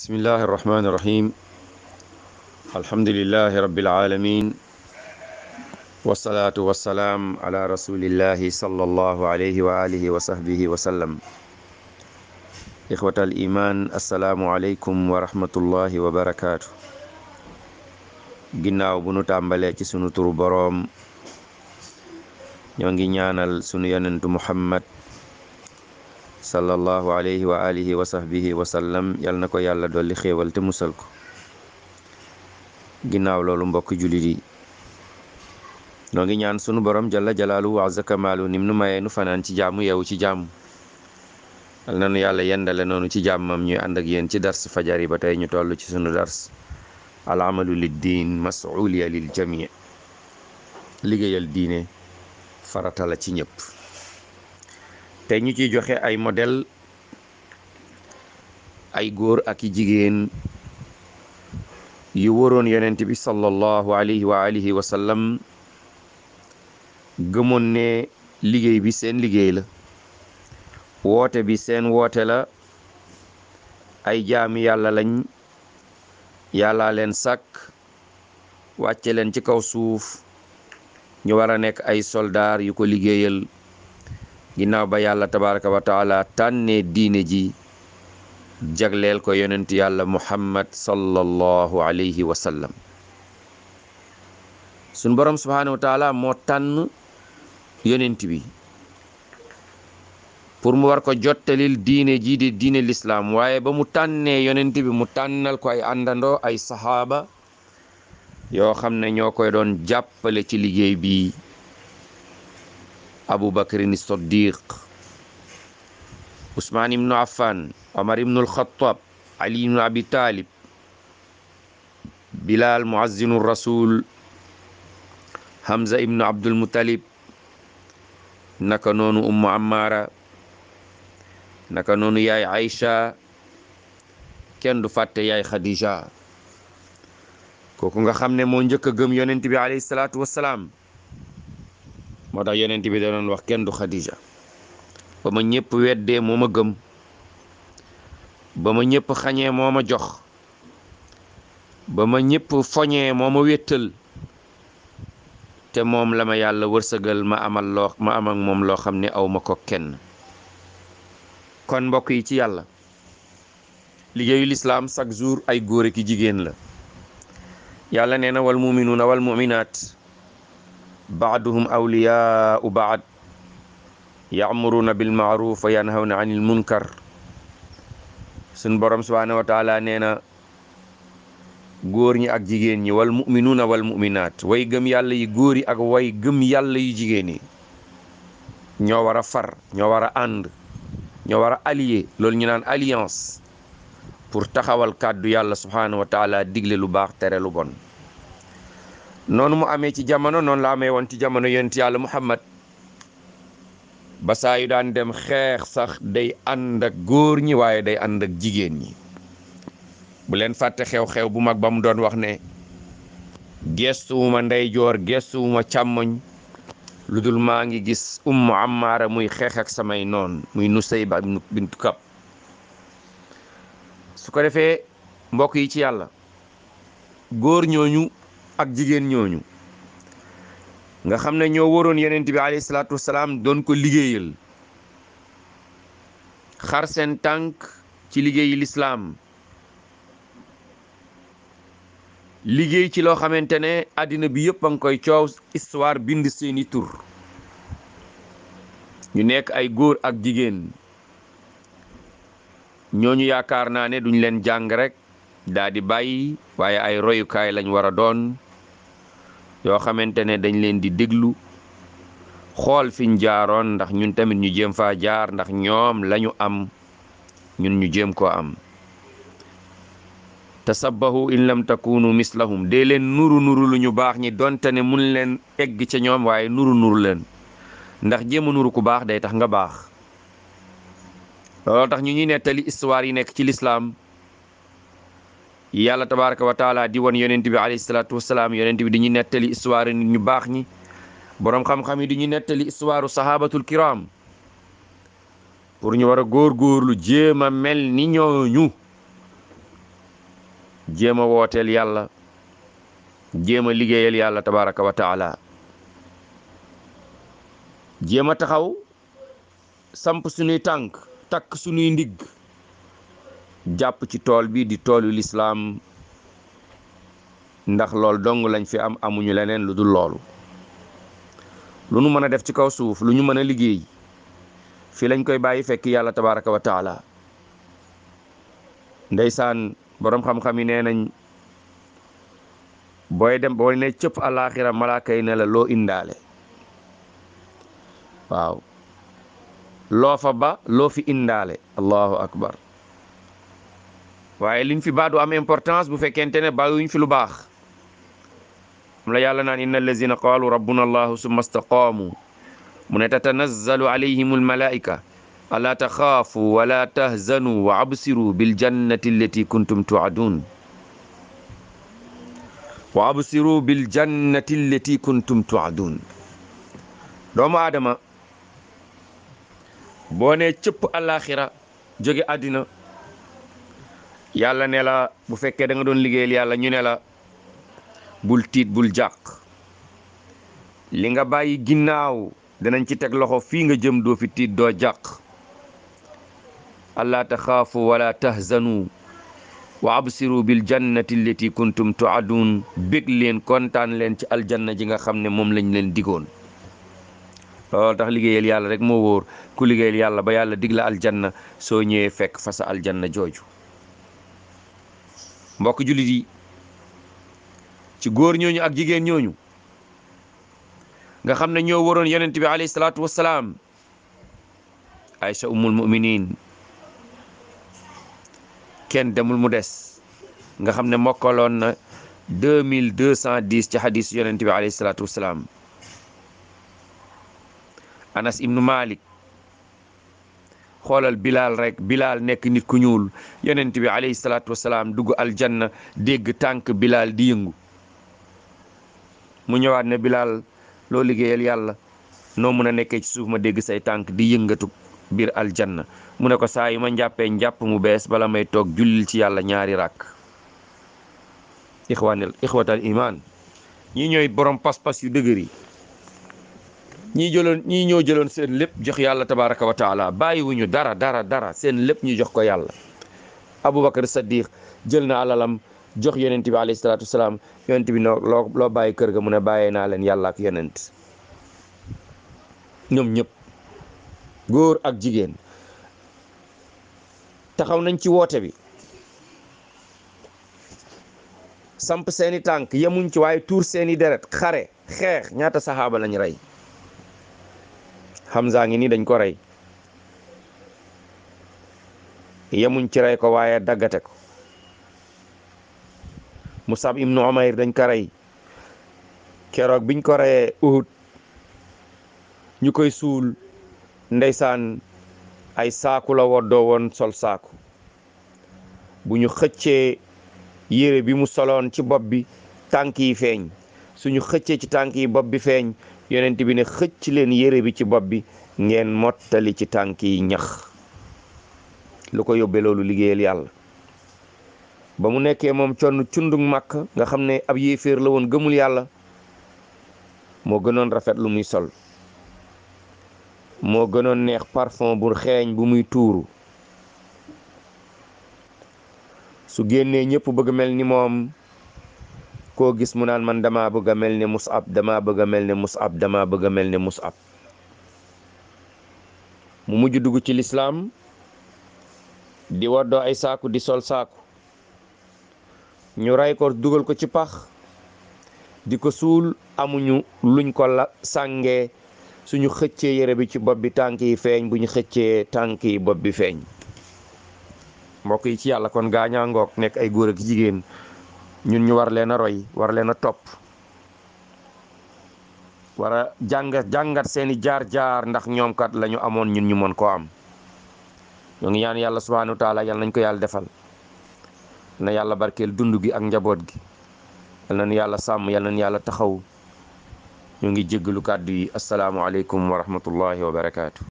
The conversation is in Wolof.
bismillahi irrahmani irrahim alhamdulilahi rabilalamin wasalaatu wassalaam ala rasulillahi sala allahu alayhi wa alihi wa sahbihi wa sallam ixwata al iman assalaamu aleykum wa rahmatullahi wa barakaatu ginnaaw bu nu tàmbalee ci sunu turu boroom ñoo ngi ñaanal sunu yonentu muhammad sallallahu alayhi wa alihi wa sahbihi wa yal na ko yàlla dolli xéewal te musal ko ginnaaw loolu mbokk jullit yi noo ngi ñaan sunu borom jalla jalaalu wa zakamaalu nim nu mayee nu fanaan ci jaamu yeewu ci jàmm yal na nu yàlla yendale noonu ci jàmmam ñuy ànd ak yéen ci dars fajar yi ba tey ñu toll ci sunu dars al amalu liddiin masuuliya lil jamii liggéeyal diine faratala ci ñépp te ñu ciy joxe ay modèle ay góor ak i jigéen yu waroon yonent bi sallallahu alayhi wa alihi wa sallam gëmoon ne liggéey bi seen liggéey la woote bi seen woote la ay jaami yàlla lañ yàlla leen sàkk wàcce leen ci kaw suuf ñu war a nekk ay soldaar yu ko liggéeyal ginnaaw ba yàlla tabaraka wa taala tànnee diine ji jagleel ko yonent yàlla muhammad sallallahu alayhi wa sallam suñ borom subhaanahu wa mo moo tànn yonent bi pour mu war ko jottalil diine jii di diine lislaam waaye ba mu tànnee yonent bi mu tànnal ko ay àndandoo ay saxaaba yoo xam ne ñoo koy doon jàppale ci liggéey bi abu bakrin siddiq usmaan ibnu affan omar abi taalib bilaal muazzinu rasul hamza ibnu abdul naka noonu ummu ammaara naka noonu yaay aïcha kenn du fàtte yaay xadija kooku nga xam ne moo njëkk a gëm yonent bi alayhi salaatu wassalaam moo tax yonent bi da doon wax kenn du Khadija ba ma ñëpp weddee moo ma gëm ba ma ñëpp xañee moo ma jox ba ma ñëpp foñee moo ma wéttal te moom la ma yàlla wërsëgal ma amal loo ma am moom loo xam ne aw ma ko kenn kon mbokk yi ci yàlla liggéeyu lislaam chaque jour ay góor ki jigéen la yàlla ne na wal muminuuna wal muminaat baaduhum awliyaau baad yaamuruuna bilmaaruf wa yanhawna anil munkar suñ borom subhaanahu wa taala nee na góor ñi ak jigéen ñi wa muminuuna wal muminaat way gëm yàlla yi góor yi ak way gëm yàlla yu jigéen yi ñoo war a far ñoo war a ànd ñoo war a allié loolu ñu naan alliance pour taxawal kàddu yàlla subhaanahu wa taala digle lu baax tere lu bon noonu mu amee ci jamono noonu la amee woon ci jamono yonent yàlla muhammad ba saa yu daan dem xeex sax day ànd ak góor ñi waaye day ànd ak jigéen ñi bu leen fàtte xew-xew bu mag ba mu doon wax ne gestuwuma ndeyjoor gestuwuma càmmoñ lu dul maa ngi gis ummu ammaara muy xeex ak samay noon muy Nusayba bintu Kab su ko defee mbokk yi ci yàlla góor ñooñu ak jigéen ñooñu nga xam ne ñoo waroon yonent bi alayhi salaatu doon ko liggéeyal xar seen tànk ci liggéeyi lislaam liggéey ci loo xamante ne àddina bi yëpp a ngi koy coow histoire bind seeni tur ñu nekk ay góor ak jigéen ñooñu yaakaar naa ne duñ leen jàng rekk daldi bàyyi waaye ay royukaay lañ war a doon yoo xamante ne dañ leen di déglu xool fiñ jaaroon ndax ñun tamit ñu jéem faa jaar ndax ñoom lañu am ñun ñu jëm koo am te tasabbahu in lam takunu mislahum dee leen nuru nuru lu ñu baax ñi doonte ne mun leen egg ca ñoom waaye nuru nuru leen ndax jéem nuru ku baax day tax nga baax looloo tax ñu ñuy nettali histoire yi nekk ci lislaam yàlla tabaraka wa taala di wan yonent bi alayhi salaatu wasalaam yonent bi di ñu nettali histoire nit ñu baax ñi boroom xam-xam yi di ñu nettali histoire sahabatul kiram pour ñu war a góorgóorlu jéem a mel ni ñooñu jéem a wooteel yàlla jéem a liggéeyal yàlla tabaraka wa taala jéem a taxaw samp suñuy tànk takk suñuy ndigg jàpp ci tool bi di toolu lislaam ndax lool dong lañ fi am amuñu leneen lu dul loolu lu nu mën a def ci kaw suuf lu ñu mën a liggéey fii lañ koy bàyyi fekk yàlla tabaraka wa taala ndeysaan boroom xam-xam yi nee nañ booy dem booy ne cëpp alaaxira malaaka yi ne la loo indaale waaw loo fa ba loo fi indaale allahu akbar waaye liñ fi baax am importance bu fekkente ne bàyyiwuñ fi lu baax mu la yàlla naan inna allazina qaalu rabbuna allahu summa staqaamu mu ne tatanazzalu alayhim almalaika alaa taxaafu wala tahzanu wa absiru yàlla ne la bu fekkee danga doon liggéeyal yàlla ñu ne la bul tiit bul jàq li nga bàyyi ginnaaw danañ ci teg loxo fii nga jëm doo fi tiit doo jàq allaa taxaafu wala tahzanu wa absiru bil jannati allati kuntum tuadun bég leen kontaan leen ci aljanna ji nga xam ne moom lañ leen digoon loolu tax liggéeyal yàlla rek moo wóor ku liggéeyal yàlla ba yàlla digla la aljanna soo ñëwee fekk fa sa aljanna jooju mbokk jullit yi ci góor ñooñu ak jigéen ñooñu nga xam ne ñoo waroon yonent bi alayhi salaatu wassalaam Aïcha ummul muminin kenn demul mu des nga xam ne mokkaloon na deux mille deux cent dix ci xadis yonent bi alayhi salaatu wassalaam Anas ibnu Malik xoolal Bilal rek Bilal nekk nit ku ñuul yonent bi alayhi salaatu wasalaam dugg aljanna dégg tànk Bilal di yëngu mu ñëwaat ne bilaal loo liggéeyal yàlla noo mën a nekkee ci suuf ma dégg say tànk di yëngatu biir aljanna mu ne ko saa yi ma njàppee njàpp mu bees bala may toog jullil ci yàlla ñaari ràkk ixwaanil ixwatal iman ñi ñooy borom pas-pas yu dëgër yi ñi jëloon ñii ñoo jëloon seen lépp jox yàlla tabaraka wa taala bàyyiwuñu dara dara dara seen lépp ñu jox ko yàlla aboubacar saddiq jël na alalam jox yonent bi alayhi salaatu wasalaam yonent bi noo loo bàyyi kër ga mu ne bàyyee naa leen yàlla ak yonent ñoom ñëpp góor ak jigéen taxaw nañ ci woote bi samp seeni tànk yemuñ ci waaye tuur seeni deret xare xeex ñaata saxaaba lañu rey xam ngi nii dañ ko rey yemuñ ci rey ko waaye daggate ko Musab ibnu Umayr dañ ko rey keroog biñ ko reyee Uhud ñu koy suul ndeysaan ay saaku la woddoo woon sol saaku bu ñu xëccee yére bi mu soloon ci bopp bi tànk yi feeñ suñu xëccee ci tànk yi bopp bi feeñ yonent bi ne xëcc leen yére bi ci bopp bi ngeen mottali ci tànk yi ñax lu ko yóbbe loolu liggéeyal yàlla ba mu nekkee moom conn cundug màkk nga xam ne ab yéeféer la woon gëmul yàlla moo gënoon rafet lu muy sol moo gënoon neex parfon bu xeeñ bu muy tuuru su génnee ñëpp bëgg mel ni moom koo gis mu naan man damaa bëgg a mel ni musab damaa bëgg mel ni musab damaa bëgg a mel ni musab mu mujj dugg ci lislaam di waddoo ay saaku di sol saaku ñu rey ko dugal ko ci pax di ko suul amuñu luñ ko la sànge suñu xëccee yére bi ci bopp bi tànk yi feeñ bu ñu xëccee tànk yi bopp bi feeñ mbokk yi ci yàlla kon gaañaa ngoog nekk ay góor ak jigéen ñun ñu war leen a roy war leen a topp war jàngat jàngat seeni jaar-jaar ndax ñoom kat la amoon ñun ñu mën koo am ñoo ngi ñaan yàlla subhanahu wa yàlla yal nañ ko yàlla defal yàlla barkeel dund gi ak njaboot gi yal nañu yàlla sàmm yal nañu yàlla taxaw ñoo ngi jéggalu kàddu yi asalaamualeykum wa rahmatullahi wa barakaatu.